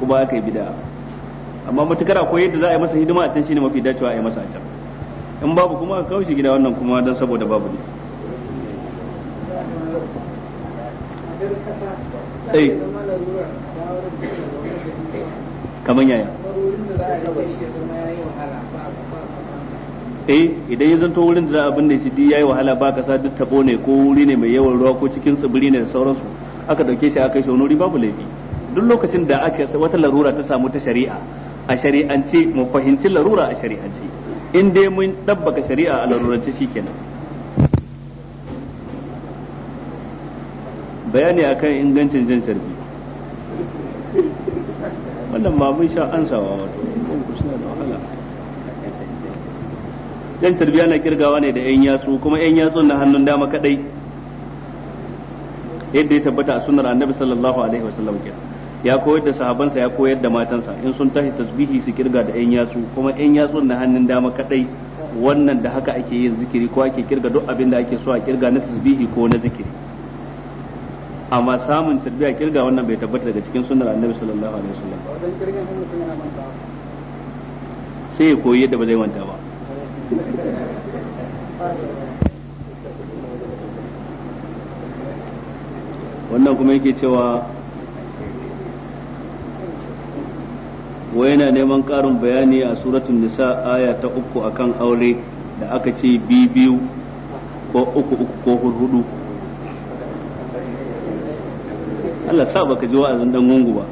kuma aka yi bid'a amma matukar akwai yadda za a yi masa hidima a can shine mafi dacewa a yi masa a can in babu kuma a kawo shi gida wannan kuma don saboda babu ne eh kamar yaya eh idan ya zanto wurin da za a binne shi ya yi wahala ba kasa duk tabo ne ko wuri ne mai yawan ruwa ko cikin tsibiri ne da sauransu aka dauke shi aka yi shi wani wuri babu laifi duk lokacin da aka wata larura ta samu ta shari'a a shari'ance mu fahimci larura a shari'ance in dai mun dabbaka shari'a a larurance shikenan bayani akan ingancin jin sharbi wannan ba mun sha ansawa wato suna da wahala jan tarbiya na kirgawa ne da yan yatsu kuma yan yatsun na hannun dama kadai yadda ya tabbata a sunnar annabi sallallahu alaihi wasallam kenan ya koyar da sahabansa ya koyar da matansa in sun tashi tasbihi su kirga da yan yatsu kuma yan yatsu na hannun dama kadai wannan da haka ake yin zikiri ko ake kirga duk abin da ake so a kirga na tasbihi ko na zikiri amma samun tasbihi a kirga wannan bai tabbata daga cikin sunnar annabi sallallahu alaihi wasallam sai ya koyi yadda ba zai manta ba wannan kuma yake cewa wa yana neman ƙarin bayani a suratun nisa aya ta uku akan aure da aka ce biyu ko uku uku ko hudu Allah sa baka ji wa'azin dan gungu ba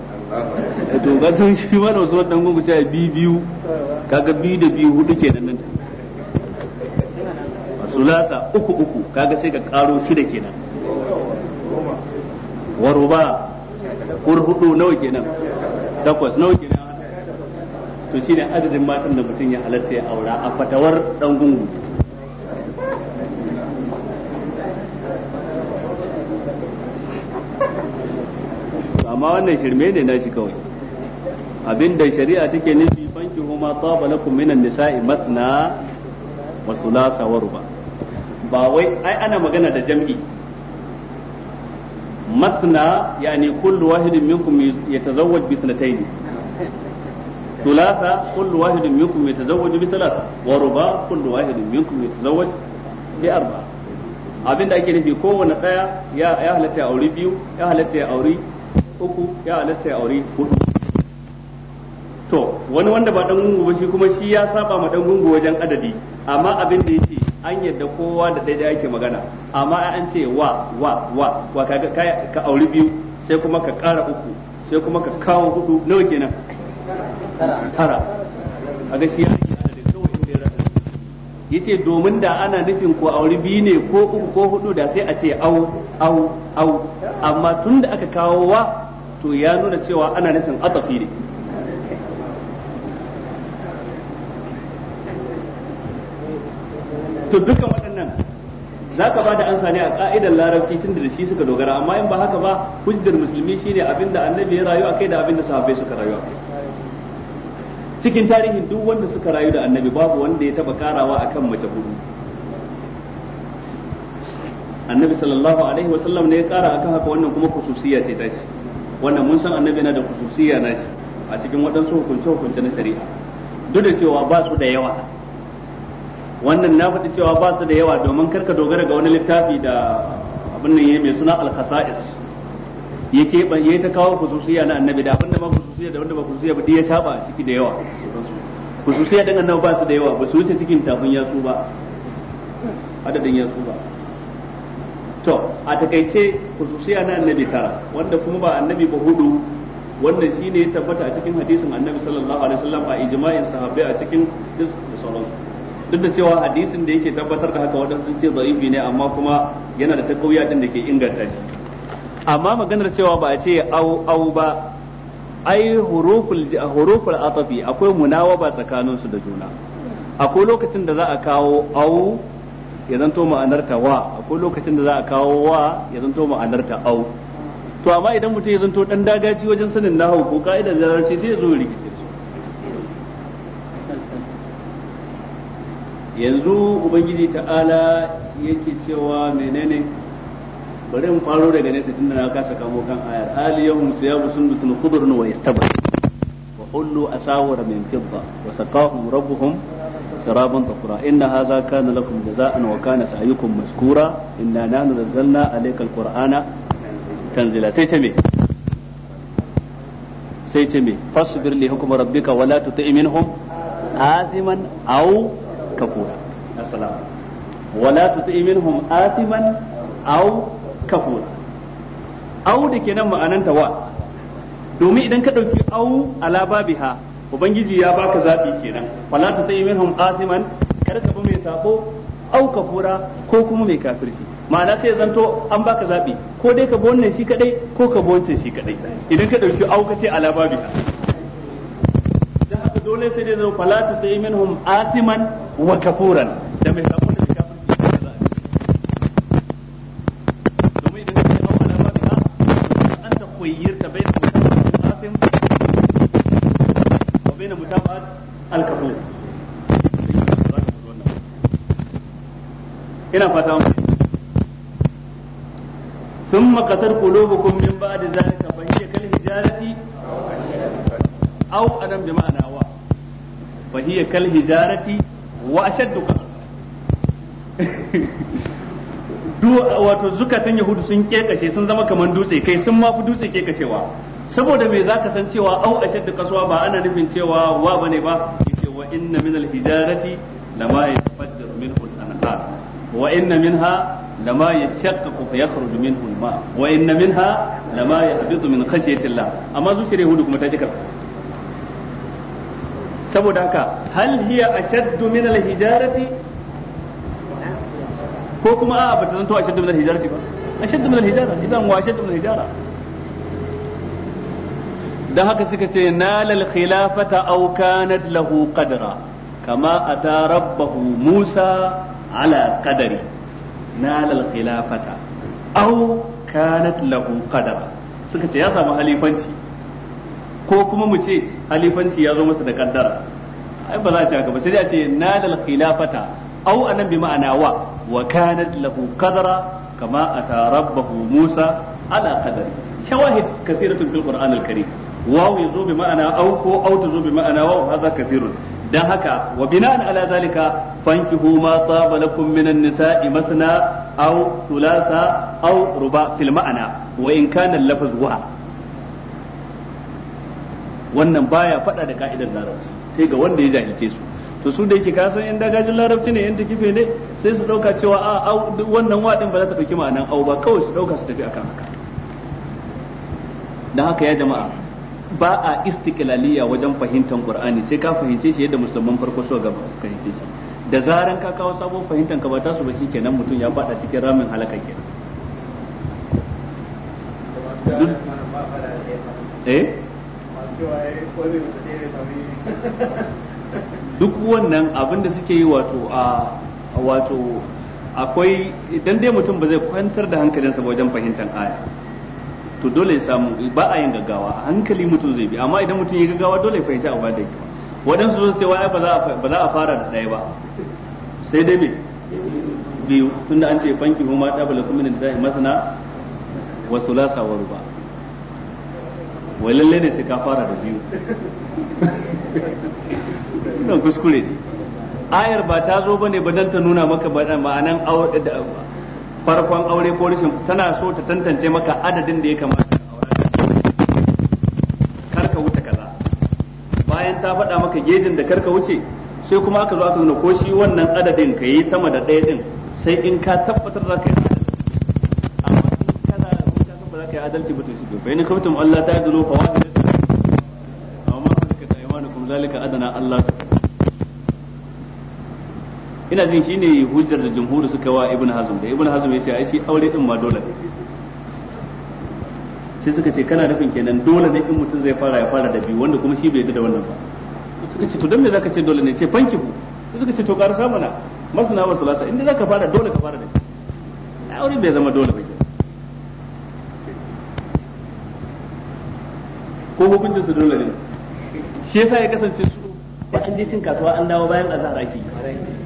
eh, to ga sun shi ma da wasu dan gungu cewa biyu kaga biyu da biyu hudu kenan nan sulasa uku uku kaga sai ka karo shida kenan waruba kurhudu nawa kenan takwas nawa kenan to shine adadin matan da mutum ya halatta ya aura a fatawar dan gungu amma wannan shirme ne na shi kawai abinda shari'a take nufi banki huma tsaba lakum minan nisa'i matna wa sulasa wa ruba ba wai ai ana magana da jam'i matna yani kullu wahidin minkum yatazawwaj bi sanatayn ثلاثة كل واحد منكم يتزوج بثلاثة thalatha كل واحد منكم يتزوج بأربعة abin da arba abinda ake nufi kowane daya ya ya halatta aure biyu ya halatta aure uku ya halatta aure hudu to wani wanda ba dan gungu ba shi kuma shi ya saba ma dan gungu wajen adadi amma abin da yake an yadda kowa da ɗaya yake magana amma an ce wa wa wa wa ka auri biyu sai kuma ka ƙara uku sai kuma ka kawo hudu nawa kenan tara a ga shi yake da kawai inda ya rasa yace domin da ana nufin ko aure biyu ne ko uku ko hudu da sai a ce au au au amma tunda aka kawo wa to ya nuna cewa ana nufin atafi ne to dukkan waɗannan za ka ba da ansa ne a ƙa'idar larabci tun da shi suka dogara amma in ba haka ba hujjar musulmi shine abinda annabi ya rayu a kai da abinda sahabbai suka rayu kai cikin tarihin duk wanda suka rayu da annabi babu wanda ya taba karawa akan mace hudu annabi sallallahu alaihi wasallam ne ya kara akan haka wannan kuma kususiya ce tashi wannan mun san annabi na da kususiya nashi a cikin waɗansu hukunce hukunce na shari'a duk da cewa ba su da yawa wannan na faɗi cewa ba su da yawa domin karka dogara ga wani littafi da abin nan mai suna al-khasa'is ya ke ban ya ta kawo kususiya na annabi da abinda ma kususiya da wanda ba kususiya ba ya saba a ciki da yawa kususiya dan annabi ba su da yawa ba su wuce cikin tafin yatsu ba adadin yatsu ba to a takaice kususiya na annabi tara wanda kuma ba annabi ba hudu wannan shine ya tabbata a cikin hadisin annabi sallallahu alaihi wasallam a ijma'in sahabbai a cikin da sauransu duk da cewa hadisin da yake tabbatar da haka wadansu sun ce da'ifi ne amma kuma yana da takauya din da ke inganta shi amma maganar cewa ba a ce au au ba ai huruful huruful atafi akwai munawaba tsakanin su da juna akwai lokacin da za a kawo au ya zanto ma'anarta wa akwai lokacin da za a kawo wa ya zanto ma'anarta au to amma idan mutum ya zanto dan dagaci wajen sanin nahu ko ka'idar larabci sai ya zo rikice su. yanzu ubangiji ta'ala yake cewa menene bari mu faro daga nesa tunda na kasa kama kan ayar aliyahum siyabu sundusun khudurun wa istabar wa hullu asawara min fidda wa saqahum rabbuhum sirabun tafura inna hadha kana lakum jazaa'an wa kana sa'yukum mashkura inna nahnu nazzalna alayka alqur'ana tanzila sai ce me sai ce me fasbir li hukmi rabbika wa la tuti' minhum aziman aw kafura assalamu wa la tuti' minhum aziman aw kafur au da kenan ma'ananta wa domin idan ka dauki au ala babiha ubangiji ya baka zabi kenan wala ta tayi minhum asiman kada ka bi mai sako au kafura ko kuma mai kafirci ma'ana sai zanto an baka zabi ko dai ka bi wannan shi kadai ko ka bi wancan shi kadai idan ka dauki au ka ce ala babiha dan haka dole sai dai zo fala ta tayi minhum asiman wa kafuran da mai sako ina fata mu thumma qasar qulubukum min ba'di zalika fa hiya kal hijarati aw adam bi ma'ana wa fa hiya kal hijarati wa ashaddu wato zukatan yahudu sun kekashe sun zama kamar dutse kai sun ma fi dutse kekashewa saboda me zaka san cewa au ashaddu kaswa ba ana nufin cewa wa bane ba yace wa inna min al hijarati lama wa inna minha lama yashaqqaqu fa yakhruju minhu al-ma wa inna minha lama yahbitu min khashyati Allah amma zuciyar kuma ta jikar saboda haka hal hiya ashaddu min al ko kuma a'a bata zanto ashaddu min al ba idan wa haka suka ce nalal khilafata aw kanat lahu qadra kama ata rabbahu Musa ala qadari nal al khilafata aw kanat lahu suka ce ya samu halifanci ko kuma mu ce halifanci ya zo masa da kaddara ai ba za a ce ba sai dai a ce nal anan bi ma'ana wa wa كما أتى ربه موسى على قدر شواهد كثيرة في القرآن الكريم واو يزو بمعنى أو كو أو تزو بمعنى واو هذا كثير dan haka wa bina'an ala zalika fankihu ma saba lakum minan nisa'i masna aw thulatha aw ruba fil ma'ana wa in kana lafaz wa wannan baya fada da ka'idar larabci sai ga wanda ya jahilce su to su da yake ka san in dagajin larabci ne in ta kife ne sai su dauka cewa a wannan din ba za ta dauki ma'anan au ba kawai su dauka su tafi akan haka dan haka ya jama'a ba a istiqlaliya wajen fahimtar qur'ani sai ka fahimce shi yadda musulman farko so ga fahimce shi da zaran ka kawo sabon fahimtar ka ba ta su ba shikenan mutum ya fada cikin ramin halaka kenan eh? duk wannan abin da suke yi wato a wato akwai idan dai mutum ba zai kwantar da hankalinsa wajen fahimtar aya to dole ya samu ba a yin gaggawa a hankali mutum zai bi amma idan mutum ya gaggawa dole ya fahimci abu da yake waɗansu sun wa cewa ba za a fara da ɗaya ba sai dai me biyu tunda an ce banki ta bala kuma da zai masana wa sulasa wa ruba wai lalle ne sai ka fara da biyu nan kuskure ne ayar ba ta zo bane ba dan ta nuna maka ba ma'anan farkon aure ko rashin tana so ta tantance maka adadin da ya kamata karka wuce kaza bayan ta faɗa maka gejin da karka wuce sai kuma aka zo aka nuna ko shi wannan adadin ka yi sama da ɗaya ɗin sai in ka tabbatar za ka yi amma in kana rubuta ba za ka yi adalci ba to shi bai ni kamtum Allah ta yi fa wa amma kun ka tayyamanukum zalika adana Allah ta ina jin shine hujjar da jumhuri suka wa ibn hazm da ibn hazm yace ai shi aure din ma dole ne sai suka ce kana nufin kenan dole ne in mutum zai fara ya fara da biyu wanda kuma shi bai yadda da wannan ba suka ce to dan me zaka ce dole ne ce fanki ku suka ce to rasa mana masana wa salasa inda zaka fara dole ka fara da aure bai zama dole ba ko hukuncin su dole ne shi yasa ya kasance su ba an je cin kasuwa an dawo bayan azhar ake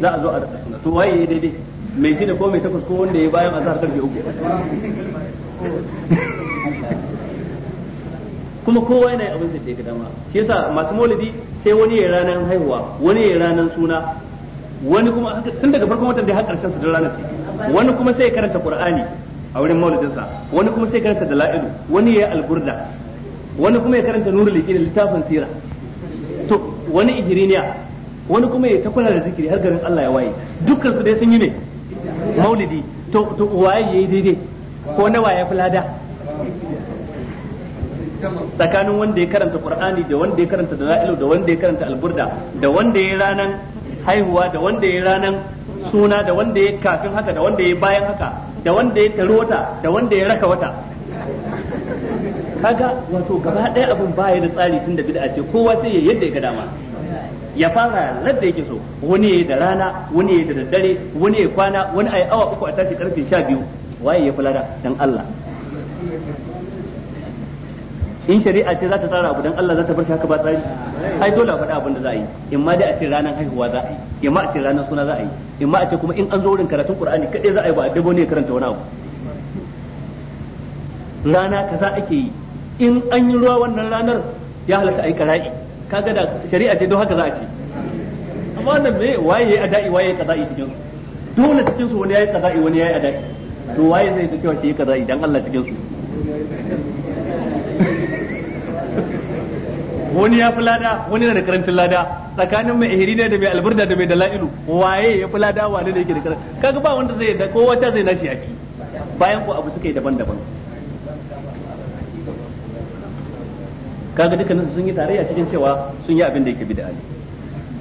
za a zo a rada suna to waye daidai mai shida ko mai takwas ko wanda ya bayan azhar karfe uku kuma kowa yana yin abin da ya dama shi yasa masu maulidi sai wani ya ranar haihuwa wani ya ranar suna wani kuma tun daga farkon watan da har karshen su da ranar ce wani kuma sai ya karanta qur'ani a wurin maulidin sa wani kuma sai ya karanta dalailu wani ya alburda wani kuma ya karanta nurul yaqin littafin sira to wani ijiriniya wani kuma ya ta kula da zikiri har garin Allah ya waye dukkan su dai sun yi ne maulidi to to waye yayi daidai ko na waye fulada tsakanin wanda ya karanta qur'ani da wanda ya karanta dalailu da wanda ya karanta alburda da wanda ya ranan haihuwa da wanda ya ranan suna da wanda ya kafin haka da wanda ya bayan haka da wanda ya tari wata da wanda ya raka wata kaga wato gaba ɗaya abin baya da tsari tun da bid'a ce kowa sai ya yadda ya ga dama ya fara ladda yake so wani yi da rana wani yi da daddare wani ya kwana wani ayi awa uku a tashi karfe 12 waye ya fulada dan Allah in shari'a ce za ta tsara abu dan Allah za ta bar shi haka ba tsari ai dole a faɗa abin da za a yi in ma dai a ce ranar haihuwa za a yi in ma a ce ranar suna za a yi in ma a ce kuma in an zo wurin karatun Qur'ani kadai za a yi ba a dabo ne karanta wani abu rana kaza ake yi in an yi ruwa wannan ranar ya halatta ai kara'i kaga da shari'a ce don haka za a ce amma wannan me waye yayi ada'i waye yayi kaza'i cikin su dole cikin su wani yayi kaza'i wani yayi ada'i to waye zai ta cewa shi yayi kaza'i dan Allah cikin su wani ya fi lada wani na da karancin lada tsakanin mai ihiri ne da mai alburda da mai dala'ilu waye ya fi lada wa ne yake da karancin kaga ba wanda zai da kowa ta zai nashi yaki bayan ko abu suka yi daban-daban kaga dukkanin sun yi tarayya cikin cewa sun yi abin da yake bid'a ne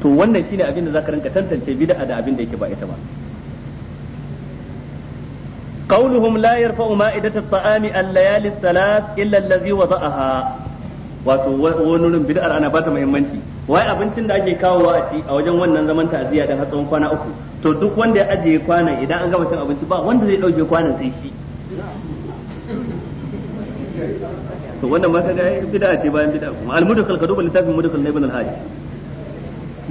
to wannan shine abin da zaka rinka tantance bid'a da abin da yake ba ita ba قولهم لا يرفع مائدة الطعام الليالي الثلاث إلا الذي وضعها wato wani bid'ar ana bata muhimmanci wai abincin da ake kawo a ci a wajen wannan zaman ta'aziyya dan hatsawan kwana uku to duk wanda ya ajiye kwana idan an gama cin abinci ba wanda zai dauke kwana sai shi to wannan ma kaga ai bid'a ce bayan bid'a kuma al-mudkhal kadu duba littafin mudkhal na ibn al-hajj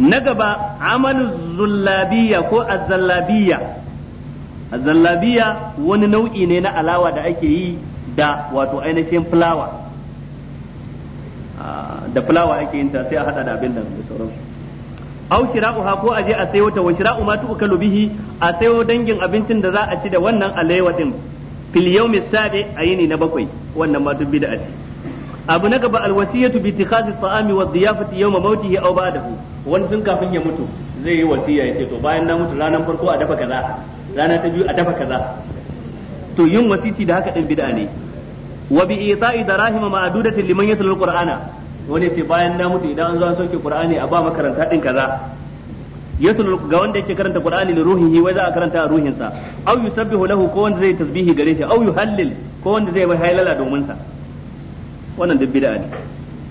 na gaba amalu zullabiyya ko az-zallabiyya az-zallabiyya wani nau'i ne na alawa da ake yi da wato ainihin fulawa ah, da fulawa ake yin ta sai a hada da abin nan da sauran aw shira'uha ko aje a sayo ta wa shira'u ma tu'kalu bihi a sayo dangin abincin da za a ci da wannan alewa din fil yawmi sabi ayini na bakwai wannan ma duk bid'a ce abu na gaba alwasiyatu bi ittikhadhi at-ta'ami wa dhiyafati yawma mawtihi aw ba'dahu wani tun kafin ya mutu zai yi wasiya yace to bayan na mutu ranar farko a dafa kaza rana ta biyu a dafa kaza to yin wasici da haka din bid'a ne wa bi ita'i darahim ma'dudatin liman yatlu al-qur'ana wani ce bayan na mutu idan an zo an sauke qur'ani a ba makaranta din kaza yatul ga wanda yake karanta qur'ani li ruhihi wa za a karanta a ruhinsa aw yusabbihu lahu ko wanda zai tasbihi gare shi aw yuhallil ko wanda zai bai halala domin sa wannan duk bid'a ne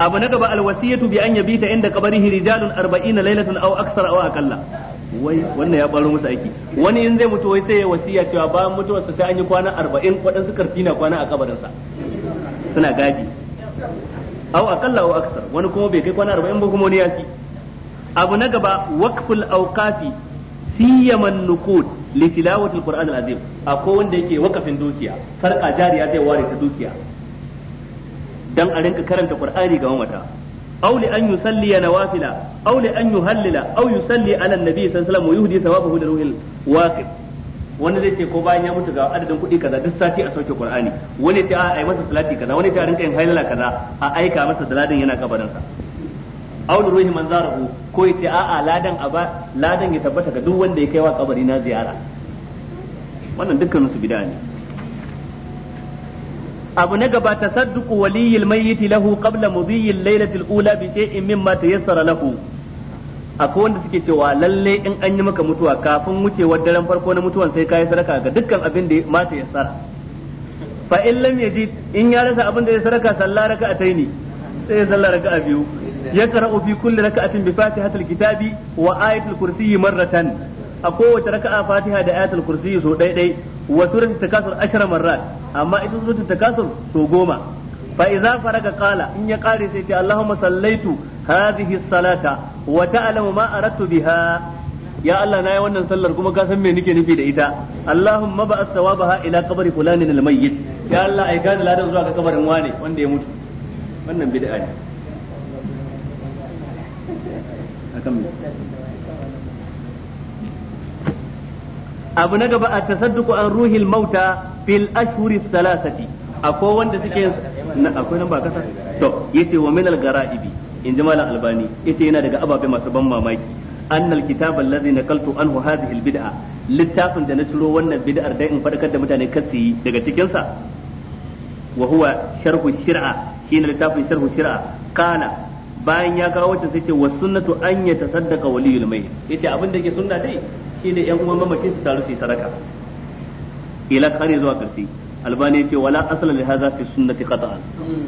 abu na gaba alwasiyatu bi an yabita inda qabrihi rijalun 40 laylatan aw aksar aw aqalla wai wannan ya baro musu aiki wani in zai mutu wai sai ya wasiya cewa bayan mutuwarsa sai an yi kwana 40 kwadan karfi na kwana a kabarinsa suna gaji aw aqalla aw aksar wani kuma bai kai kwana 40 ba kuma wani ya ci abu na gaba waqful awqati siyaman nuqud li tilawati alquran alazim akwai wanda yake wakafin dukiya farka jariya zai ware ta dukiya dan a rinka karanta qur'ani ga mamata aw li an yusalli nawafila aw li an yuhallila aw yusalli ala annabi sallallahu alaihi wasallam yuhdi thawabahu lil waqif wani zai ce ko bayan ya mutu ga adadin kuɗi kaza duk sati a sauke qur'ani wani ce a ai masa salati kaza wani ce a rinka yin hailala kaza a aika masa daladin yana kabarin aw ruhi man zarahu ko yace a'a ladan ba ladan ya tabbata ga duk wanda ya kai wa kabari na ziyara wannan dukkan su bid'a ne abu na gaba tasadduqu waliyil mayyit lahu qabla mudhiyil laylatil ula bi shay'in mimma tayassara lahu akwai wanda suke cewa lalle in an yi maka mutuwa kafin wucewar daren farko na mutuwan sai kai sadaka ga dukkan abin da ma tayassara fa in lam yajid in ya rasa abin da ya sadaka sallah a taini sai ya sallah a biyu ya yaqra'u fi kulli raka'atin bi fatihatil kitabi wa ayatil kursiyyi marratan a kowace raka'a fatiha da ayatul kursi so daidai wa suratul takasur ashara marrat amma ita ta takasur so goma fa idza faraga qala in ya kare sai ta allahumma sallaitu hadhihi salata wa ta'lamu ma aradtu biha ya allah nayi wannan sallar kuma ka san me nufi da ita allahumma ba'ath sawabaha ila qabri fulanin al-mayyit ya allah ai gani ladan zuwa ga kabarin wane wanda ya mutu wannan bid'a ne abu na gaba a tasadduku an ruhil mauta fil ashhuri thalathati akwai wanda suke na akwai nan ba kasa to yace wa min al garaibi in ji malam albani yace yana daga ababe masu ban mamaki annal kitab allazi nakaltu anhu hadhihi al bid'a littafin da na ciro wannan bid'ar dai in fadakar da mutane kasi daga cikin sa wa huwa sharhu shir'a shine littafin sharhu shir'a kana bayan ya kawo wacce sai ce wa sunnatu an ya tasaddaqa waliyul mai yace abin da yake sunna dai shine yan uwan mamaci su taru su yi sadaka ila kare zuwa karshe albani yace wala asla li hadha fi sunnati qata'an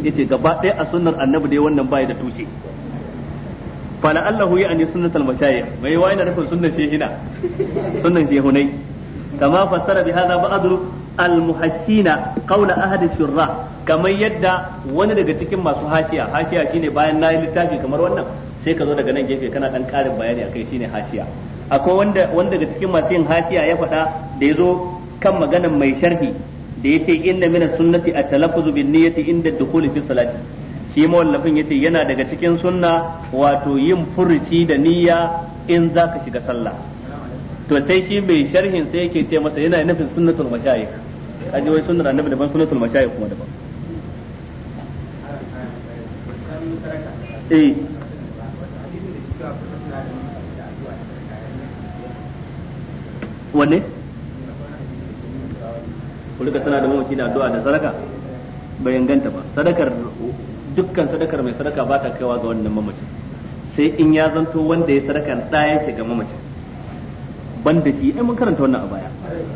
yace gaba ɗaya a sunnar annabi dai wannan bai da tushe fala allahu ya ani sunnatul mashayikh mai wai na nufin sunnar shehina sunnan shehunai kama fassara bi hadha ba'd al-muhassina qawla ahad shurra kamar yadda wani daga cikin masu hashiya hashiya shine bayan nayi littafi kamar wannan sai ka zo daga nan gefe kana dan karin bayani akai shine hashiya akwai wanda wanda daga cikin masu yin hashiya ya faɗa da ya zo kan maganan mai sharhi da yace inna min sunnati at-talaffuzu bin niyyati inda dukhuli fi salati shi mawallafin yace yana daga cikin sunna wato yin furuci da niyya in zaka shiga sallah to sai shi mai sharhin sai yake ce masa yana nufin sunnatul mashayikh kaji wai sunnar annabi daban sunnatul mashayikh kuma daban eh wanne ku tana da mamaci da addu'a da sadaka bai inganta ba sadakar dukkan sadakar mai sadaka ba ta kaiwa ga wannan mamacin sai in ya zanto wanda ya sadaka da ya shiga mamacin ban da shi ai mun karanta wannan a baya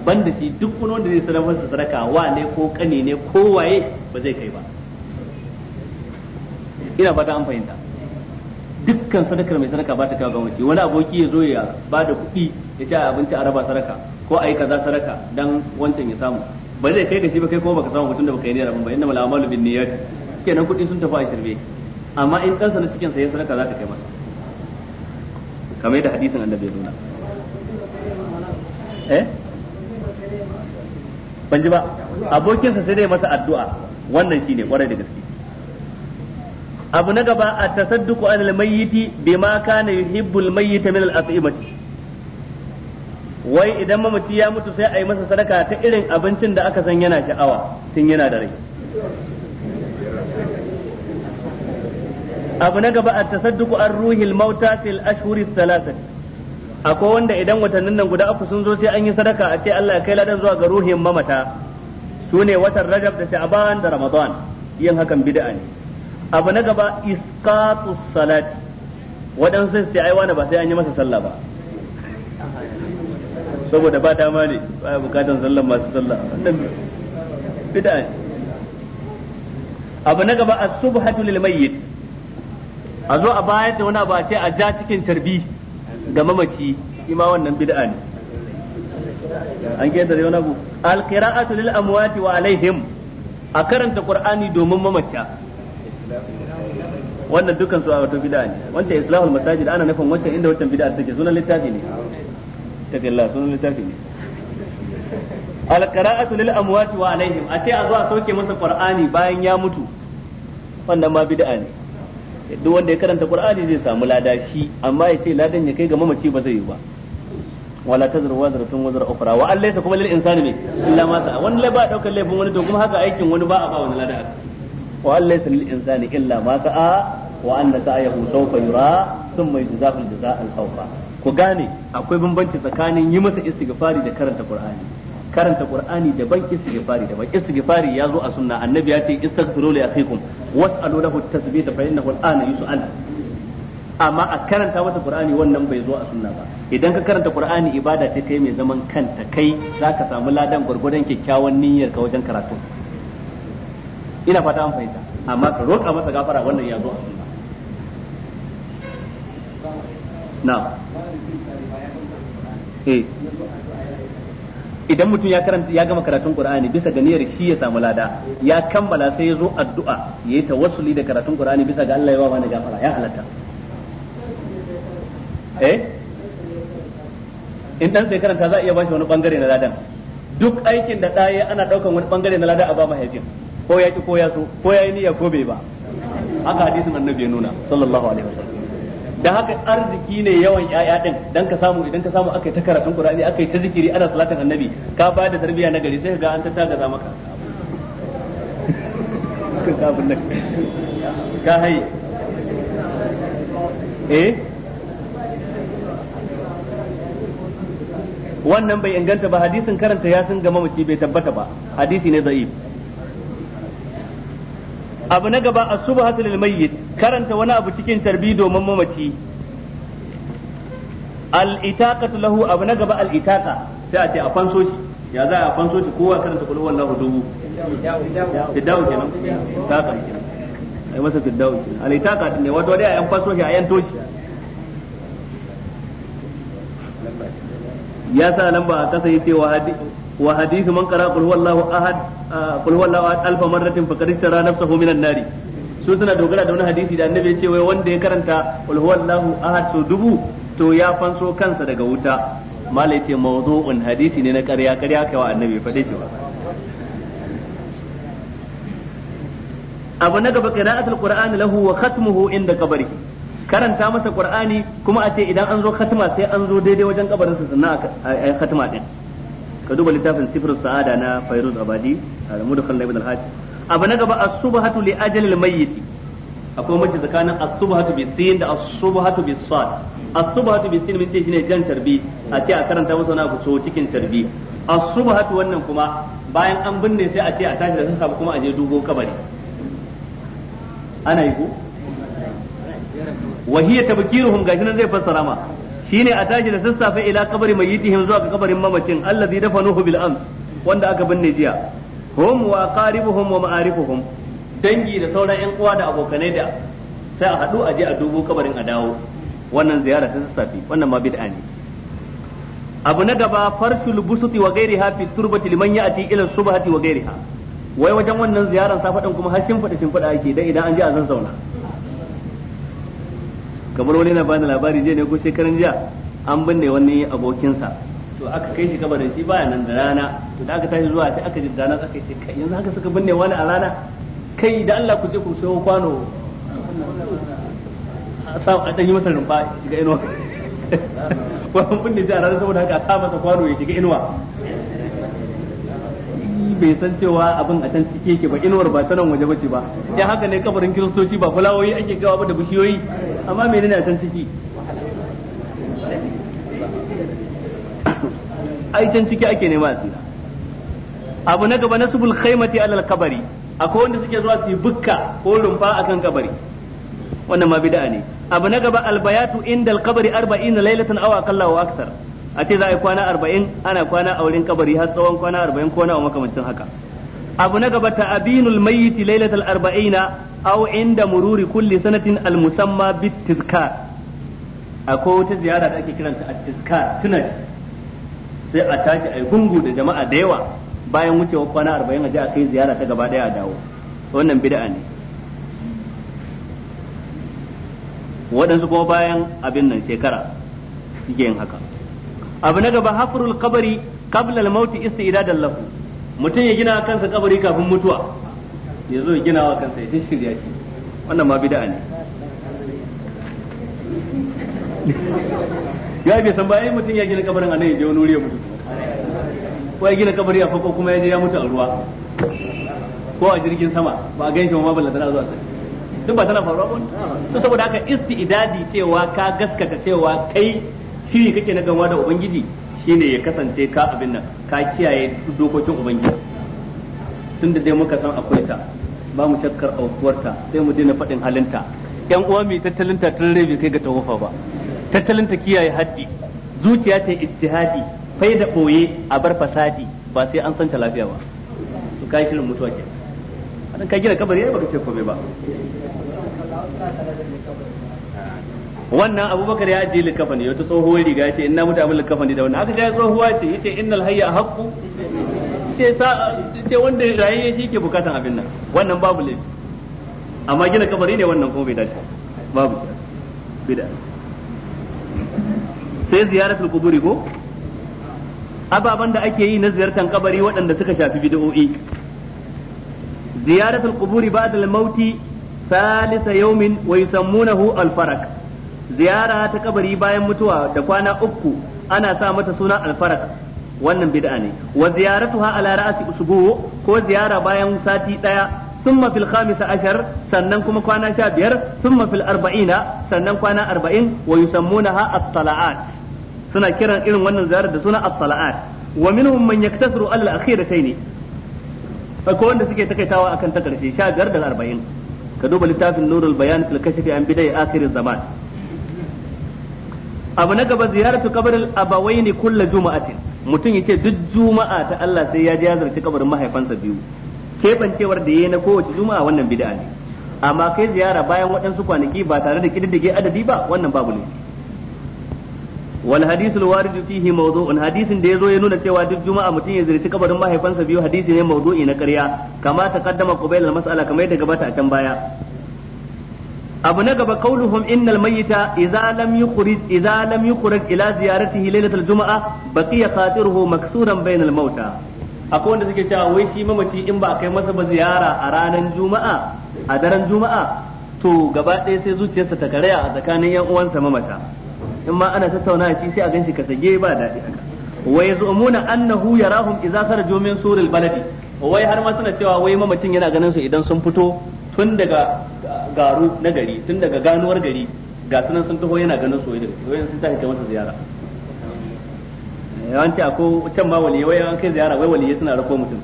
ban da shi duk wani wanda zai sanar da sadaka wa ne ko kane ne ko waye ba zai kai ba ina fata an fahimta dukkan sadakar mai sadaka ba ta kawo gwamnati wani aboki ya zo ya ba da kuɗi ya ci abinci a raba sadaka ko a yi kaza sadaka dan wancan ya samu ba zai kai ga shi ba kai kuma baka samu mutum da baka yi ne rabin ba inna mal amalu bin niyyat kenan kuɗi sun tafi a shirme amma in ɗansa na cikin sa ya sadaka za ka kai masa kamar yadda hadisin annabi ya nuna eh ban ji ba abokinsa sai dai masa addu'a wannan shine kwarai da gaske abu na gaba a tasadduqu anil mayyiti bima kana yuhibbul mayyita min al-at'imati wai idan mamaci ya mutu sai a yi masa sadaka ta irin abincin da aka san yana sha'awa tun yana da rai abu na gaba a tasadduku an ruhil mauta fil ashhuri thalathati akwai wanda idan watannin nan guda uku sun zo sai an yi sadaka a ce Allah ya kai ladan zuwa ga ruhin mamata su ne watan Rajab da sha'aban da Ramadan yin hakan bid'a ne abu na gaba isqatus salati waɗansu sai ai wani ba sai an yi masa sallah ba saboda ba dama ne ba ya bukatan sallan masu sallah wannan bid'a ne abu na gaba as-subhatu lil mayyit a zo a bayar da wani ba ce a ja cikin tarbi ga mamaci shi ma wannan bid'a ne an kiyata da al alqira'atu lil amwati wa alaihim a karanta qur'ani domin mamaci wannan dukkan su a wato bid'a ne wancan islahul masajid ana nufin wancan inda wancan bid'a take sunan littafi ne tafiyallah sunan littafi ne alqira'atu lil amwati wa alaihim a ce a zo a sauke masa qur'ani bayan ya mutu wannan ma bid'a ne duk wanda ya karanta qur'ani zai samu lada shi amma ya ce ladan ya kai ga mamaci ba zai yi ba wala tazru wazratun wazra ukhra wa allaysa kuma lil insani me illa ma sa'a wani ba daukar laifin wani to kuma haka aikin wani ba a ba wani lada wa allaysa lil insani illa ma sa'a wa anna sa'ahu sawfa yura thumma yujzahu al-jazaa al-awfa ku gane akwai bambanci tsakanin yi masa istighfari da karanta qur'ani karanta qur'ani daban istighfari ban istighfari ya zo a sunna annabi ya ce istaghfiru li akhikum was'alu lahu at-tasbih fa innahu al-ana yus'al amma a karanta masa qur'ani wannan bai zo a sunna ba idan ka karanta qur'ani ibada ce kai mai zaman kanta kai zaka samu ladan gurgurdan kyakkyawan niyyar ka wajen karatu ina fata an fahimta amma ka roƙa masa gafara wannan ya zo a sunna na'am eh idan mutum ya karanta ya gama karatun Qur'ani bisa ga niyyar shi ya samu lada ya kammala sai ya zo addu'a yayi tawassuli da karatun Qur'ani bisa ga Allah ya ba mana gafara ya halatta eh in dan sai karanta za a iya bashi wani bangare na ladan duk aikin da ɗaya ana daukan wani bangare na ladan a ba mahaifin ko ya ki ko ya so ko ya yi niyya ko bai ba haka hadisin annabi ya nuna sallallahu alaihi wasallam da haka arziki ne yawan yaya din dan ka samu idan ka samu akai ta karatun Qur'ani akai ta zikiri ana salatin annabi ka ba da tarbiyya na gari sai ka ga an tattaga za maka ka hayi eh wannan bai inganta ba hadisin karanta sun gama mamaci bai tabbata ba hadisi ne da'if abu na gaba a subhatu mayyit karanta wani abu cikin tarbi domin mamaci al-itaqatu lahu abu na gaba al-itaqa sai a ce a fanso shi ya za a fanso shi kowa karanta kullu wallahu dubu fiddawo kenan taka kenan ai masa fiddawo kenan al ne wato dai a yan fanso shi a yan toshi ya sa nan a kasa yace wa wa hadithu man qara qul huwallahu ahad qul huwallahu ahad alfa marratin faqad istara nafsahu minan nari su suna dogara da wani hadisi da annabi ya ce wai wanda ya karanta qul huwallahu ahad so dubu to ya fanso kansa daga wuta malai ce mawdu'un hadisi ne na ƙarya ƙarya kai wa annabi fa shi ba abu na gaba qira'atul qur'ani lahu wa khatmuhu inda qabri karanta masa qur'ani kuma a ce idan an zo khatma sai an zo daidai wajen kabarinsa sannan a khatma din ka duba littafin sifrus sa'ada na fayruz abadi al-mudkhal ibn al-hajj abu na gaba as-subhatu li ajalil mayyit akwai mace tsakanin as-subhatu bi sin da as-subhatu bi sad as-subhatu bi sin mace shine jan tarbi a ce a karanta musu na so cikin tarbi as-subhatu wannan kuma bayan an binne sai a ce a tashi da sassa kuma a je dubo kabari ana yi ko wahiya tabkiruhum gashi nan zai fassara ma shine a tashi da sassafe ila kabari mai yitihim zuwa ga kabarin mamacin allazi dafanuhu bil ams wanda aka binne jiya hum wa aqaribuhum wa ma'arifuhum dangi da sauran ƴan uwa da abokanai da sai a hadu a je a dubo kabarin a dawo wannan ziyara ta sassafe wannan ma bid'a ne abu na gaba farshul busuti wa ghairiha fi turbati liman ya'ti ila subhati wa ghairiha wai wajen wannan ziyaran safa din kuma har shin fada ake dan idan an je a zan zauna kamar wani na bani labari je ne ko shekaran jiya an binne wani abokinsa to aka kai shi kabarin shi baya nan da rana to da aka tashi zuwa sai aka jidda nan aka ce kai yanzu haka suka binne wani a rana kai da Allah ku je ku sayo kwano a dan yi masa rumfa shiga inuwa wannan binne shi a rana saboda haka sa masa kwano ya shiga inuwa bai san cewa abin a can cike yake ba inuwar ba ta nan waje bace ba ya haka ne kabarin kiristoci ba fulawoyi ake gawa ba da bishiyoyi amma menene a can ciki ai can ciki ake nema asira abu na gaba nasbul khaymati alal kabari akwai wanda suke zuwa su yi bukka ko rumfa akan kabari wannan ma bid'a ne abu na gaba albayatu inda alkabari 40 lailatan aw aqalla wa akthar a ce za a yi kwana 40 ana kwana a wurin kabari har tsawon kwana 40 ko na makamancin haka abu na gaba ta'abinul mayyit lailatal 40 aw inda mururi kulli sanatin almusamma bitizkar akwai wata ziyara da ake kiranta at-tizkar tunaji sai a tashi a gungu da jama'a da yawa bayan wucewa kwana arba'in a je a kai ziyara ta gaba daya a dawo wannan bid'a ne waɗansu kuma bayan abin nan shekara suke yin haka abu na gaba hafurul kabari qabla mauti maut istidadan lahu mutum ya gina kansa kabari kafin mutuwa ya zo ya gina wa kansa ya shirya shi wannan ma bid'a ne ya bai san ba mutum ya gina kabarin a nan ya je wani wuri ya mutu ko ya gina kabari a fako kuma ya je ya mutu a ruwa ko a jirgin sama ba a gan shi ma ballanta na zuwa sai duk ba tana faruwa ba to saboda haka isti'dadi cewa ka gaskata cewa kai shiri kake na ganwa da ubangiji shine ya kasance ka abin nan ka kiyaye dokokin ubangiji tunda dai muka san akwai ta ba mu shakkar aukuwarta sai mu dina faɗin halinta yan uwa mai tattalin tattalin rai bai kai ga tawafa ba tattalin ta kiyaye haddi zuciya ta istihadi fai da boye a bar fasadi ba sai an sanca lafiya ba su kai shirin mutuwa ke anan ka gina kabari ba ka ce komai ba wannan abubakar ya ajiye likafan ya wata tsohuwar riga ce ina mutu abin likafan da wannan haka ga tsohuwa ce ce innal hayya haqqu ce sa ce wanda rayayye shi ke bukatan abin nan wannan babu laifi amma gina kabari ne wannan kuma bai dace babu bid'a sai ziyaratul kuburi ko ababan da ake yi na ziyartar kabari waɗanda suka shafi bid'o'i ziyaratul kuburi ba da mauti salisa yawmin wa yusammunahu al-farak ziyara ta kabari bayan mutuwa da kwana uku ana sa mata suna al-farak wannan bid'a ne wa ziyaratuha ala ra'si usbu ko ziyara bayan sati daya thumma fil khamisa ashar sannan kuma kwana sha biyar thumma fil arba'ina sannan kwana arba'in wa yusammunaha at-tala'at suna kiran irin wannan ziyarar da suna at-tala'at wa minhum man yaktasiru ala al-akhiratayn akwai wanda suke takaitawa akan ta karshe sha biyar da arba'in ka duba littafin nurul bayan fil kashfi an ya akhir zama abu na gaba ziyaratu kabarin abawaini kullu juma'atin mutum ya ce duk juma'a ta Allah sai ya je ya zarci kabarin mahaifansa biyu keɓancewar da yayi na kowace juma'a wannan bid'a ne amma kai ziyara bayan waɗansu kwanaki ba tare da kididdige adadi ba wannan babu ne wal hadith al warid fihi mawdu'un hadisin da yazo ya nuna cewa duk juma'a mutum ya ziyarci kabarin mahaifansa biyu hadisi ne mawdu'i na ƙarya kama kaddama qabila al mas'ala kamar yadda gabata a can baya abu na gaba kauluhum innal mayyita idza lam yukhrij idza lam yukhrij ila ziyaratihi lailatul jumu'a baqiya khatiruhu maksuran bainal mauta akwai wanda suke cewa wai shi mamaci in ba a kai masa ba ziyara a ranar juma'a a daren juma'a to gaba ɗaya sai zuciyarsa ta karaya a tsakanin yan uwansa mamata in ma ana tattauna shi sai a ganshi ka sage ba daɗi haka wa yazumuna annahu yarahum idza kharaju min suril baladi wai har ma suna cewa wai mamacin yana ganin su idan sun fito tun daga garu na gari tun daga ganuwar gari ga sunan sun taho yana ganin su wai sun tafi kai masa ziyara yawanci eh, ko can ma waliyai an kai ziyara wai waliyai suna rako mutum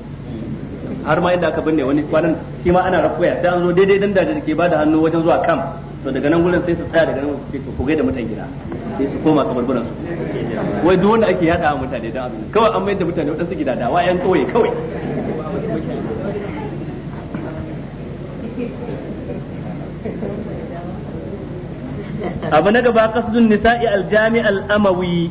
har ma inda aka binne wani kwanan shi ma ana rako ya sai an zo daidai dan da ke bada hannu wajen zuwa kam to daga nan gurin sai su tsaya daga nan su ce ku gaida mutan gida sai su koma kamar gurin su wai duk wanda ake yada mutane dan abin kawai an mai da mutane wadansu gida da wayan kawai kawai abu na gaba kasdun nisa'i aljami'al amawi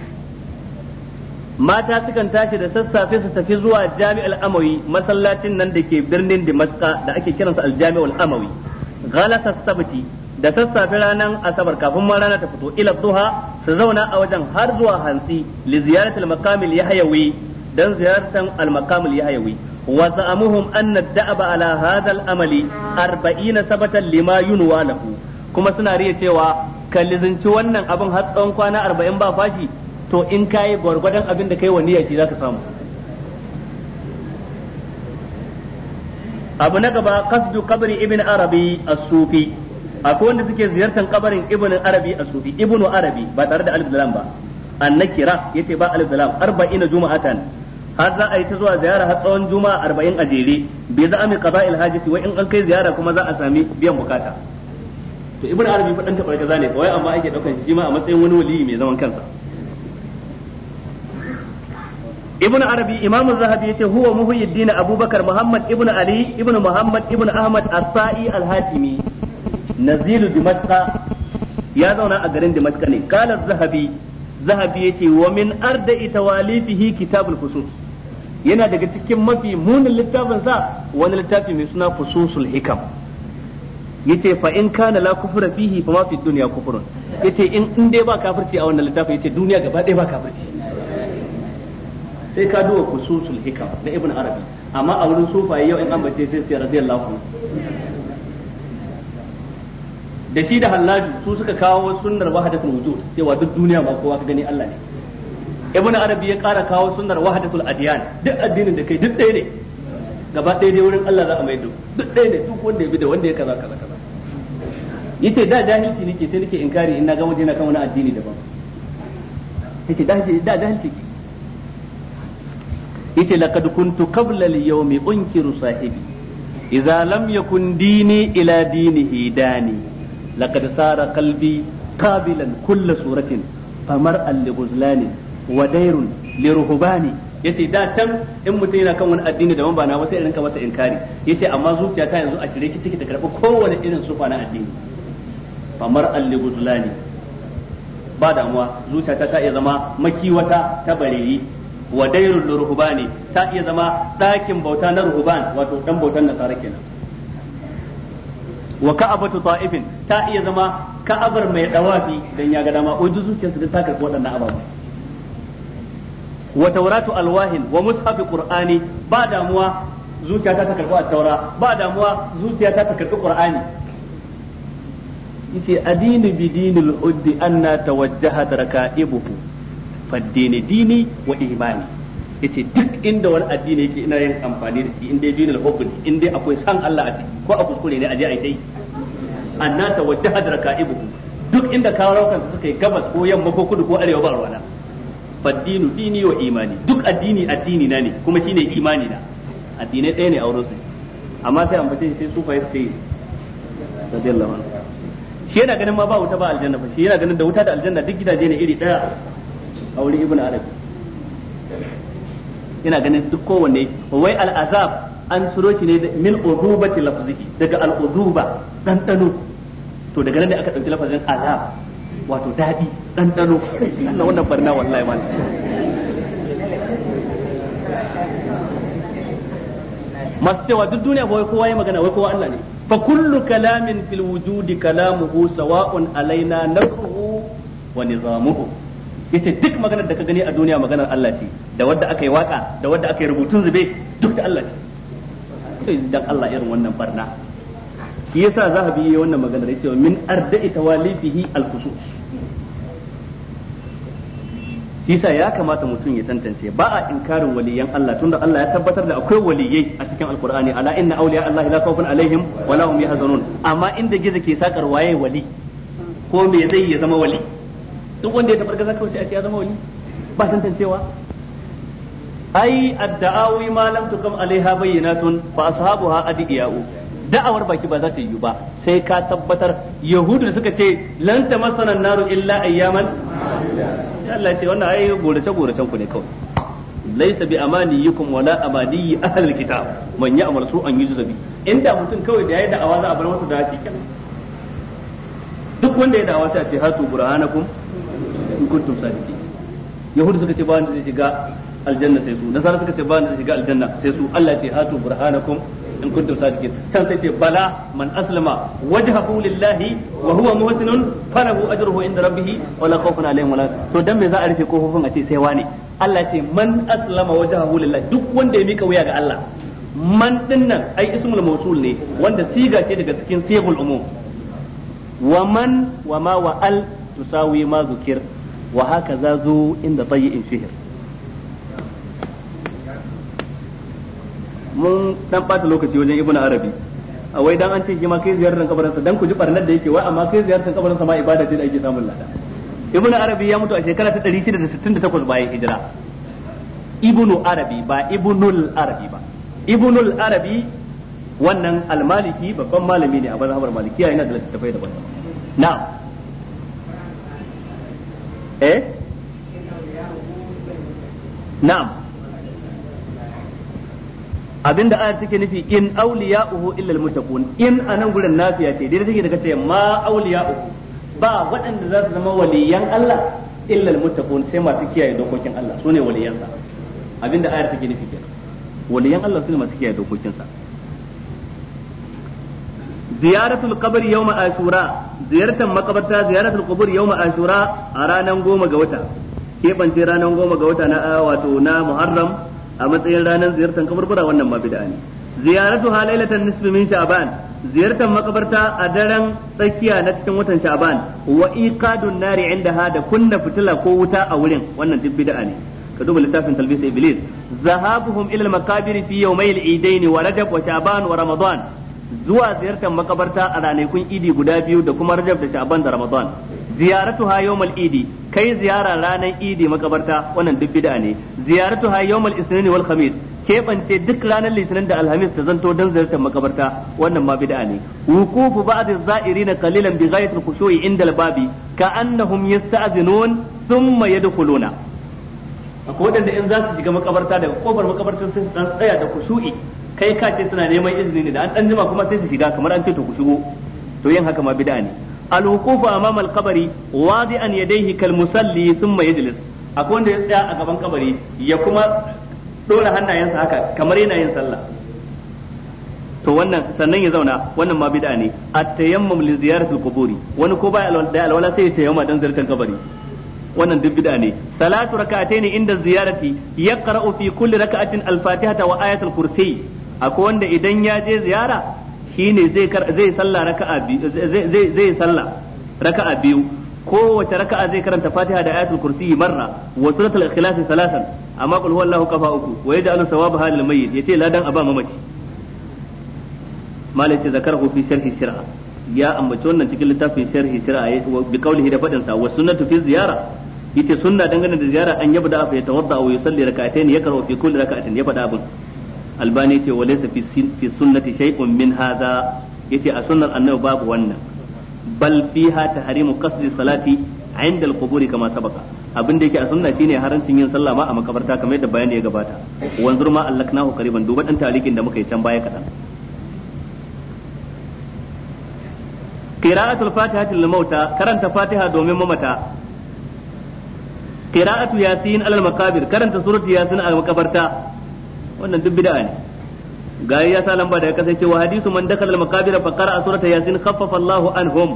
mata sukan tashi da sassafe su tafi zuwa jami'ul amawi masallacin nan da ke birnin dimaska da ake kiransa al amawi ghalata sabti da sassafe ranar asabar kafin ma rana ta fito ila duha su zauna a wajen har zuwa hantsi li ziyaratil maqamil yahyawi dan ziyartan al-maqamil yahyawi wa za'amuhum anna da'aba ala al-amali 40 sabatan lima yunwa lahu kuma suna riya cewa ka wannan abin har tsawon kwana 40 ba fashi to in ka yi gwargwadon abin da kai wa niyyar shi ka samu abu na gaba qasdu kabari ibn arabi a sufi akwai wanda suke ziyartar kabarin ibn arabi a sufi ibn arabi ba tare da alif lam ba annakira yace ba alif lam 40 juma'atan har za a yi ta zuwa ziyara har tsawon juma'a arba'in a jere bai za a mai qada'il hajati wai in an kai ziyara kuma za a sami biyan bukata to ibn arabi fadan ta barkaza Zane kawai amma ake daukan shi ma a matsayin wani waliyi mai zaman kansa ibnu arabi imam zahabi yace huwa muhyiddin abubakar muhammad ibnu ali ibnu muhammad ibnu ahmad as-sa'i al-hatimi nazilu dimashqa ya zauna a garin dimashqa ne qala zahabi zahabi yace wa min arda'i tawalifihi kitabul fusus yana daga cikin mafi munin littafin wani littafi mai suna fususul hikam yace fa in kana la kufra fihi fa ma fi dunya kufrun yace in in dai ba kafirci a wannan littafin yace duniya gaba ɗaya ba kafirci sai ka duwa kususul hikam na ibn arabi amma a wurin sufaye yau in an bace sai sai radiyallahu da shi da hallaju su suka kawo sunnar wahdatul wujud cewa duk duniya ba kowa ka gani Allah ne ibn arabi ya kara kawo sunnar wahdatul adyan duk addinin da kai duk ɗaya ne gaba ɗaya dai wurin Allah za a maido duk ɗaya ne duk wanda ya bi da wanda ya kaza kaza kaza yace da jahilci nake sai nake inkari in na ga waje na kan wani addini daban yace da jahilci yace laqad kuntu qabla al-yawmi unkiru sahibi idza lam yakun dini ila dinihi dani laqad sara qalbi qabilan kull suratin famar al-ghuzlani wa dairun liruhbani yace da can in mutum yana kan wani addini daban ba na wasu irin ka masa inkari yace amma zuciyata yanzu a shirye ki take ta karɓi kowane irin sufa na addini famar al-ghuzlani ba damuwa zuciyata ta iya zama makiwata ta bareyi wa dairul ruhbani ta iya zama ɗakin bauta na ruhban wato dan bautan nasara kenan wa ka'abatu ta'ifin ta iya zama ka'abar mai dawafi dan ya ga dama oju zuciyarsa da ta karɓi waɗannan ababen wa tauratu alwahin wa mushafi qur'ani ba damuwa zuciyata ta karɓi at-taura ba damuwa zuciyata ta karɓi qur'ani yace adinu bidinil uddi anna tawajjaha raka'ibuhu faddini dini wa imani yace duk inda wani addini yake ina yin amfani da shi inda ya dinul hubbi inda akwai san Allah a ciki ko a kuskure ne a je a yi tai anna tawajjaha raka'ibu duk inda kawo raukan suka yi gabas ko yamma ko kudu ko arewa ba ruwana faddini dini wa imani duk addini addini na ne kuma shine imani na addinai ɗaya ne a wurin su amma sai ambace shi sai sufa ya sai radiyallahu anhu shi yana ganin ma ba wuta ba aljanna ba shi yana ganin da wuta da aljanna duk gidaje ne iri ɗaya a wurin ibn arabi ina ganin duk kowanne wai al'azab an ciro shi ne min udubati lafzihi daga al'uduba dandano to daga nan ne aka dauki lafazin azab wato dadi dandano Allah wannan barna wallahi ma masu cewa duk duniya ba wai kowa ya magana wai kowa Allah ne fa kullu kalamin fil wujudi kalamuhu sawa'un alaina nafruhu wa nizamuhu yace duk maganar da ka gani a duniya maganar Allah ce da wadda aka yi waka da wadda aka yi rubutun zube duk da Allah ce to dan Allah irin wannan barna shi yasa zahabi yayi wannan maganar yace min arda itawalifihi al shi yasa ya kamata mutum ya tantance ba a inkarin waliyan Allah tunda Allah ya tabbatar da akwai waliyai a cikin alkur'ani ala inna awliya Allah la khawfun alaihim wa la hum yahzanun amma inda gizo ke sakar waye wali ko me zai ya zama wali duk wanda ya tafar gaza kawai sai a ce ya zama wali ba tantancewa ai adda'awi ma lam tukam alaiha bayyinatun fa ashabuha adiyau da'awar baki ba za ta yi ba sai ka tabbatar yahudu suka ce lan tamassana naru illa ayyaman sai Allah ce wannan ai gorace goracen ku ne kawai laysa bi amaniyikum wala amaniyi ahlul kitab man ya'mal su'an yujza bi inda mutum kawai da yayi da'awa za a bar masa da shi kenan duk wanda ya da'awa sai a ce hatu burhanakum in kuntum sadiqin yahudu suka ce ba wanda zai shiga aljanna sai su nasara suka ce ba wanda zai shiga aljanna sai su Allah ce hatu burhanakum in kuntum sadiqin san sai ce bala man aslama wajhahu lillahi wa huwa muhsinun falahu ajruhu inda rabbih wala khawfun alaihim la to dan me za a rufe kofofin a ce sai wane Allah ce man aslama wajhahu lillahi duk wanda ya mika wuya ga Allah man dinnan ai ismul mawsul ne wanda siga ce daga cikin sigul umum wa man wa ma wa al tusawi ma zukir wa haka za zo inda tayyi'in shihir mun dan bata lokaci wajen ibn arabi a wai dan an ce shi ma kai ziyarar sa dan ku ji barnar da yake wai amma kai ziyarar sa ma ibada ce da ake samun lada ibn arabi ya mutu a shekara ta 668 bayan hijira ibn arabi ba ibnul arabi ba ibnul arabi wannan al-maliki babban malami ne a mazhabar malikiya yana da littafai daban na'am eh na'am abinda ayar take nufi in awliya'uhu illa almuttaqun in anan gurin nafiya ce dai take da kace ma awliya'uhu ba waɗanda za su zama waliyan Allah illa almuttaqun sai masu kiyaye dokokin Allah sune waliyan waliyansa abinda ayar take nufi kenan waliyan Allah sune masu kiyaye dokokin sa ziyaratul qabr yawma ashura ziyartar makabarta ziyaratul qubur yawma ashura a ranar goma ga wata keɓance ranar goma ga wata na wato na muharram a matsayin ranar ziyartar kaburbura wannan ma bid'a ne ziyaratu halailatan nisfi min sha'ban ziyartar makabarta a daren tsakiya na cikin watan sha'ban wa iqadun nari indaha da kunna fitila ko wuta a wurin wannan duk bid'a ne ka duba littafin talbis iblis zahabuhum ila al-makabir fi yawmay al wa rajab wa sha'ban wa ramadan zuwa ziyartar makabarta a ranakun idi guda biyu da kuma rajab da sha'ban da ramadan ziyaratuha yawmal idi kai ziyara ranar idi makabarta wannan duk bid'a ne ziyaratuha yawmal isnin wal khamis keɓance duk ranar litinin da alhamis ta zanto don ziyartar makabarta wannan ma bid'a ne wuqufu ba'd az-za'irina qalilan bi ghayat al-khushu'i inda al-babi ka annahum yasta'zinun thumma yadkhuluna akwai wadanda in za su shiga makabarta daga kofar makabartar sun tsaya da khushu'i kai ka ce suna neman izini ne da an dan jima kuma sai su shiga kamar an ce to ku shigo to yin haka ma bid'a ne al-wuqufu amama al-qabri wadi'an yadayhi kal musalli thumma yajlis akwai wanda ya tsaya a gaban kabari ya kuma dora hannayensa haka kamar yana yin sallah to wannan sannan ya zauna wannan ma bid'a ne at-tayammum li ziyarati quburi wani ko ba da alwala sai ya tayammuma dan ziyartar kabari wannan duk bid'a ne salatu rak'atayn inda ziyarati yaqra'u fi kulli rak'atin al-fatihata wa ayatul kursi akwai wanda idan ya je ziyara shine zai zai sallah raka'a biyu zai zai sallah raka'a biyu kowace raka'a zai karanta Fatiha da Ayatul Kursi marra wa suratul Ikhlas salasan amma qul huwallahu kafa uku wa yaj'alu sawaba halil mayyit yace ladan aba mamaci malai Zakar hu fi sharhi shir'a ya ambaci wannan cikin littafin sharhi shir'a bi qawlihi da fadin sa wa sunnatu fi ziyara yace sunna dangane da ziyara an yabda fa yatawadda aw yusalli rak'atayn yakra fi kulli rak'atin ya fada abun albani ce walaysa fi sunnati shay'un min hadha yace a sunnar annabi babu wannan bal fiha tahrimu qasdi salati inda al-quburi kama sabaka abin da yake a sunna shine harancin yin sallah ma a makabarta kamar yadda bayani ya gabata wanzur ma allaknahu qariban duba dan talikin da muka yi can baya kadan qira'atul fatihati lil mauta karanta fatiha domin mamata qira'atu yasin alal makabir karanta suratu yasin al makabarta wannan duk bid'a ne gayi ya sa lamba daga kasa wa hadisu man dakhala al-maqabir fa qara'a surata yasin khaffafa Allahu anhum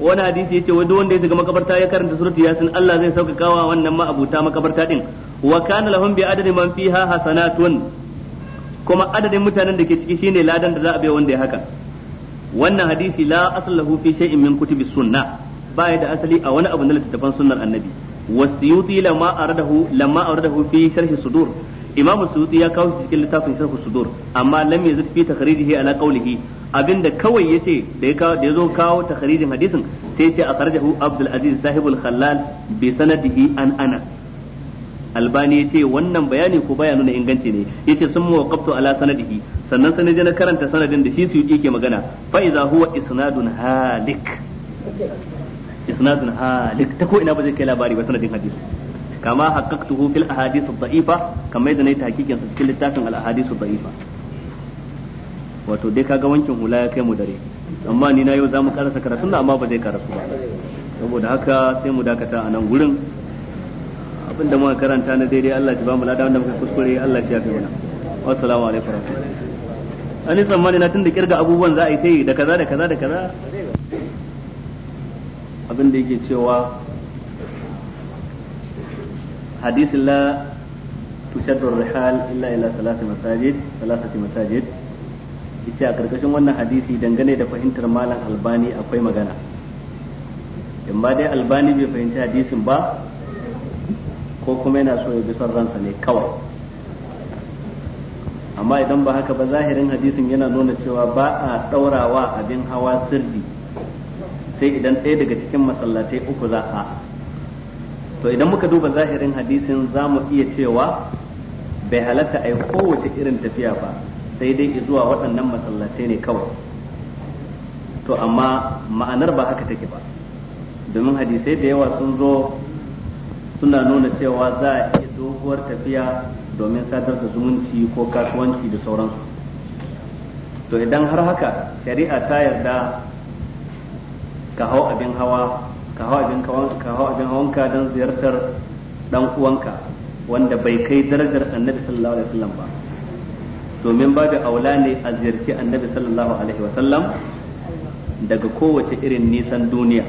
wani hadisi yace wai duk wanda ya shiga makabarta ya karanta surata yasin Allah zai sauƙaƙa wa wannan ma'abuta makabarta din wa kana lahum bi adadi man fiha hasanatun kuma adadin mutanen da ke ciki shine ladan da za a bai wanda ya haka wannan hadisi la aslahu fi shay'in min kutubi sunnah baya da asali a wani abu na littattafan sunnar annabi wasiyuti lamma aradahu lamma aradahu fi sharhi sudur imamu suyuti ya kawo shi cikin littafin sharh sudur amma lam yazid fi takhrijihi ala qawlihi abinda kawai yace da ya kawo da yazo kawo takhrijin hadisin sai yace akhrajahu abdul aziz sahibul khallal bi sanadihi an ana albani yace wannan bayani ko baya nuna inganci ne yace sun muwaqqaftu ala sanadihi sannan sanadi na karanta sanadin da shi suyuti yake magana fa iza huwa isnadun halik isnadun halik ta ko ina ba zai kai labari ba sanadin hadisi kama haqqaqtuhu fil ahadith ad-da'ifa kamar yadda nayi tahqiqin sa cikin littafin al-ahadith ad wato dai kaga wankin hula ya kai mu dare amma ni na yau zamu karasa karatun da amma ba zai karasu ba saboda haka sai mu dakata a nan gurin abinda muka karanta na daidai Allah ya ba mu lada wanda muka kuskure Allah ya shafe mana wassalamu alaikum an yi tsammani na tun da kirga abubuwan za a yi ta yi da kaza da kaza da kaza abinda da yake cewa حديث لا تشد الرحال إلا إلى ثلاث مساجد ثلاثة مساجد ita a karkashin wannan hadisi dangane da fahimtar malam albani akwai magana in ba dai albani bai fahimci hadisin ba ko kuma yana so ya bi son ransa ne kawai amma idan ba haka ba zahirin hadisin yana nuna cewa ba a ɗaurawa abin hawa sirri sai idan ɗaya daga cikin masallatai uku za a to idan muka duba zahirin hadisin za mu iya cewa bai halatta a kowace irin tafiya ba sai dai zuwa waɗannan masallatai ne kawai to amma ma'anar ba haka take ba domin hadisai da yawa sun zo suna nuna cewa za a iya doguwar tafiya domin sadar da zumunci ko kasuwanci da sauransu to idan har haka shari'a ta yarda ka hau abin hawa ka hau abin ka hau abin hawanka don ziyartar dan uwanka wanda bai kai darajar annabi sallallahu alaihi wasallam ba domin babu aula ne a ziyarci annabi sallallahu alaihi wasallam daga kowace irin nisan duniya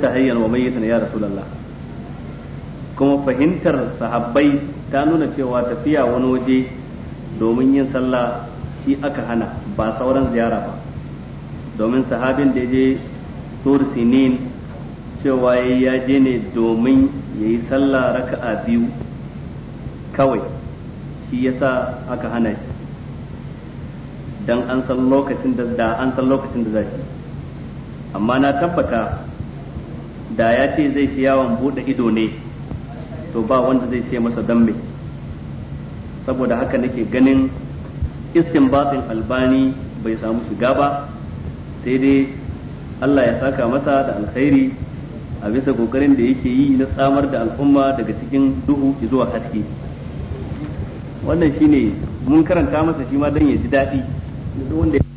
ta hayyan wa mayyitan ya rasulullah kuma fahimtar sahabbai ta nuna cewa tafiya wani waje domin yin sallah shi aka hana ba sauran ziyara ba domin sahabin da ya je tur sinin cewa ya je ne domin ya yi sallah raka'a biyu kawai shi yasa aka hana shi dan an san lokacin da da an san lokacin da za shi amma na tabbata da ya ce zai shi yawon bude ido ne to ba wanda zai ce masa dan me saboda haka nake ganin istinbatin albani bai samu shiga ba sai dai Allah ya saka masa da alkhairi a bisa kokarin da yake yi na samar da al'umma daga cikin duhu zuwa haske wannan shine mun karanta masa shi ma don ya ji daɗi wanda